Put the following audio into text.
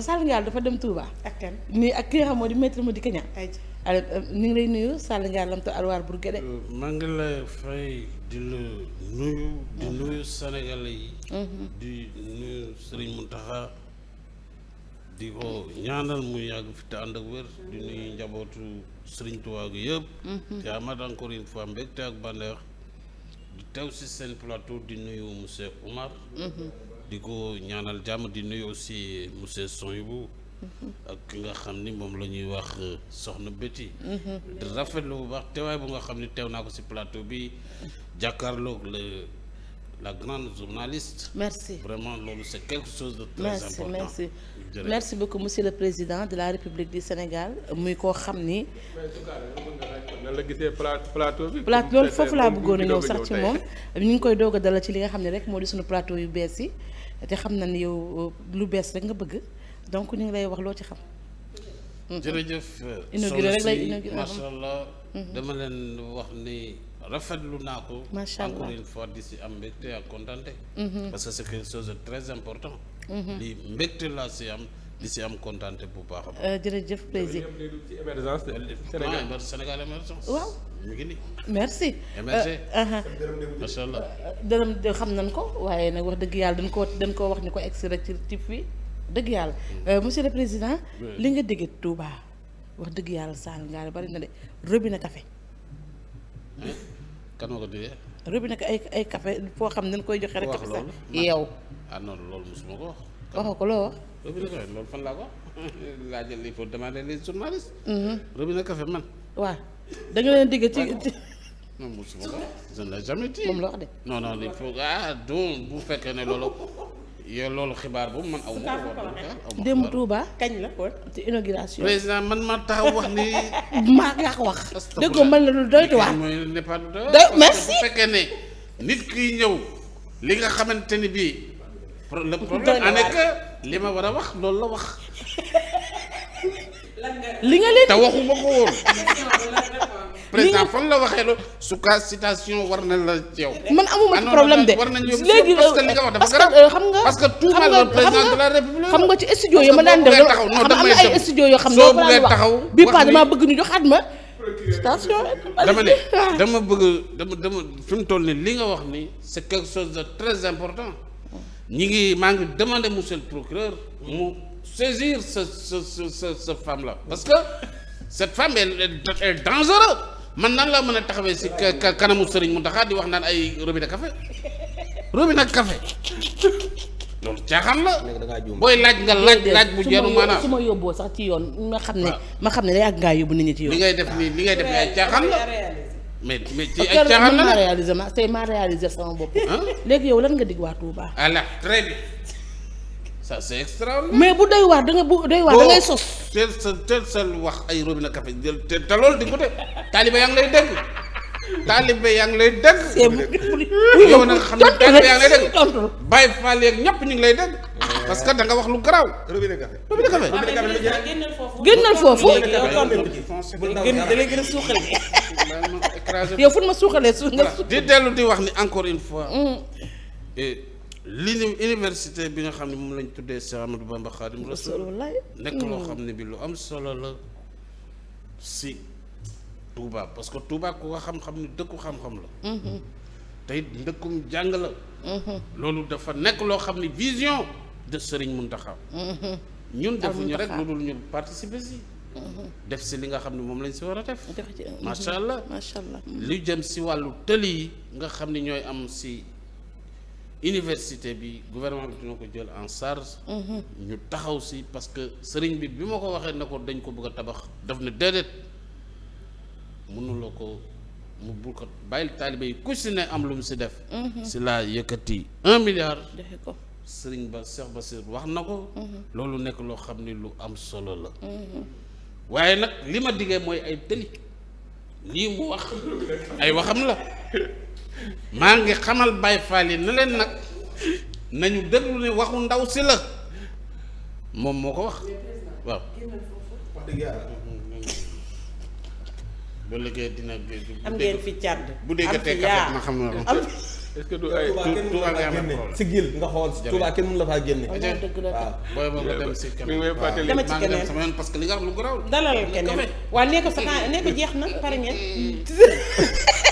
xam nga dafa dem Touba. ak kan nii ak ki nga xam moo di maître Madické Niang. ayca euh, ñu ngi lay nuyu Sall Ngaal lam te Alwaar maa ngi lay fay di la nuyu. di nuyu Sénégalais yi. Mhm. di nuyu Serigne Mountakha. di ko ñaanal mu yàgg fi te ànd ak wér di nuyu njabootu Serigne Touba gi yëpp. Mhm. encore une fois mbégte ak bànneex di teew si seen plateau di nuyu monsieur Oumar. Mhm. di ko ñaanal jàmm di nuyu aussi monsieur Sonyibou ak ki nga xam ni moom la ñuy wax soxna Betty di rafetlu bu baax teewaay bu nga xam ni teew naa ko ci plateau bi jàkkaarloog la la grande journaliste. merci vraiment loolu c'est quelque chose de très merci, merci beaucoup monsieur le président de la République du Sénégal muy koo xam ni. nan gisee plateau bi. plateau loolu foofu laa bëggoon a ñëw sax ci moom ñu ngi koy doog a dalal ci li nga xam ne rek moo di suñu plateau yu bees yi te xam na ni yow uh, lu bees rek nga bëgg donc ñu ngi lay wax loo ci xam. Mm-hmm. jërëjëf. inauguré rek lay inauguré macha uh-huh. allah. Mm-hmm. dama leen wax ni rafetlu naa ko. macha allah di si am mbégte ak kontaante. Mm-hmm. parce que c'est quelque chose de très important. li mbégte laa si am. di si am kontaan bu baax a baax. Euh, jërëjëf président ci émergence Sénégal émergence. waaw mu ngi nii. merci. émergé. Euh, uh-huh. macha allah. dërëm de xam nañ ko waaye nag wax dëgg yàlla dañ ko dañ koo wax ni ko egsi rek ci ci fii dëgg yàlla. Mm. Euh, monsieur le président. li nga dégge Touba wax dëgg yàlla Sall ngaari bari na de robinet café. Eh, kan ma ko déggee. robinet ay ay café foo xam ne dañ koy joxe rek. wax loolu yow. ah non loolu mosuma ko wax. waxoo ko loo wax. robinet café loolu fan laa ko laajal il faut demander les journalistes. Mhm. robinet café man. waaw da nga leen digg ci. non mosuma ko je n'ai moom la wax de. non non il faut ah donc bu fekkee ne loolu. yow loolu xibaar boobu man aw ma ko. démb Touba kañ la kon ci inauguration. man ma taxaw wax ni. maa ngi wax. dëgg ko man la lu doytuwaat. merci bu fekkee ne nit kiy ñëw li nga xamante ni bi le problème en li ma war a wax loolu la wax. li nga leen te waxuma ko woon. président fan la waxee loolu su ka citation war na la yow. man amuma ci ah problème de léegi li nga wax dafa garaaw euh, xam nga parce que tuumaal loolu président de la république xam nga ci studio yi ma daan def xam nga am na ay studio yoo xam ne soo buggee taxaw bii pas damaa bëgg ñu joxaat ma citation dama ne dama bëgg dama dama fi mu toll nii li nga wax ni c'est quelque chose de très important ñi ngi maa ngi demander monsieur le procureur mu saisir ce ce ce ce ce femme là parce que cette femme elle est man nan laa mën a taxawee si kanamu sëriñ mu taxaa di wax naan ay robinet kafe robinet café loolu caaxaan la booy laaj nga laaj laaj bu jeeru maanaam su ma yóbboo sax ci yoon ma xam ne ma xam ne day ak ngaa yóbbu nit ñi ci li ngay def nii li ngay def nii ay caaxaan la mais mais ci ay caaxaan la réaliser ma tey maa réaliser sama bopp. léegi yow lan nga dig waa Touba. voilà très bien sa c'est mais bu doy waar da nga bu doy waar da ngay sos. teel sa teel sa wax ay robinet café jël te te loolu di ko def taaliba yaa ngi lay dégg. taalibe yaa ngi lay dégg. yow nag xam ne taalibe yaa ngi lay dégg. ñëpp ñu ngi lay dégg. parce que da nga wax lu garaaw. robinet café robinet café. génnal foofu génnal foofu. yow fu ma suuxalee su nga di dellu di wax ni encore une fois. Mm. Eh, li université bi nga xam ne moom lañ tuddee Cheikh Amadou Bamba Khadim nekk loo mm. xam ne bi lu am solo la si Touba parce que Touba ku ko xam-xam ni dëkku xam-xam la. Mm-hmm. tey ndëkkum jàng la. Mm-hmm. loolu dafa nekk loo xam ne vision. de mun Mountakha. Mm-hmm. ñun defuñu rek lu dul ñu participer si. Mm-hmm. def si li nga xam ne moom lañ si war a def. Mm-hmm. macha allah macha allah. lu jëm si wàllu tëli yi nga xam ni ñooy am si iniversité bi gouvernement bi dina ko jël en charge. ñu taxaw si parce que sëriñ bi bi ma ko waxee ne ko dañ ko bëgg a tabax. daf ne déedéet mënuloo ko mu bul ko bàyyil taalibe yi ku si ne am lu mu si def. si laa yëkkati un milliard. sëriñ ba Cheikh Bassir wax na ko mhm. loolu nekk loo xam ni lu am solo la mhm. waaye nag li ma diggee mooy ay tëli lii mu wax ay waxam la maa ngi xamal Baye Fall yi na leen nag nañu déglu ne waxu ndaw si la moom moo ko wax waaw bu liggéey dina am ngeen fi càdd bu dégg teg ma xam na est-ce que du ay si gil nga xool Touba kenn mën la faa génne. waaw ah, booy si keneen. que dalal keneen waaw nee sa nee ko jeex na pare ngeen.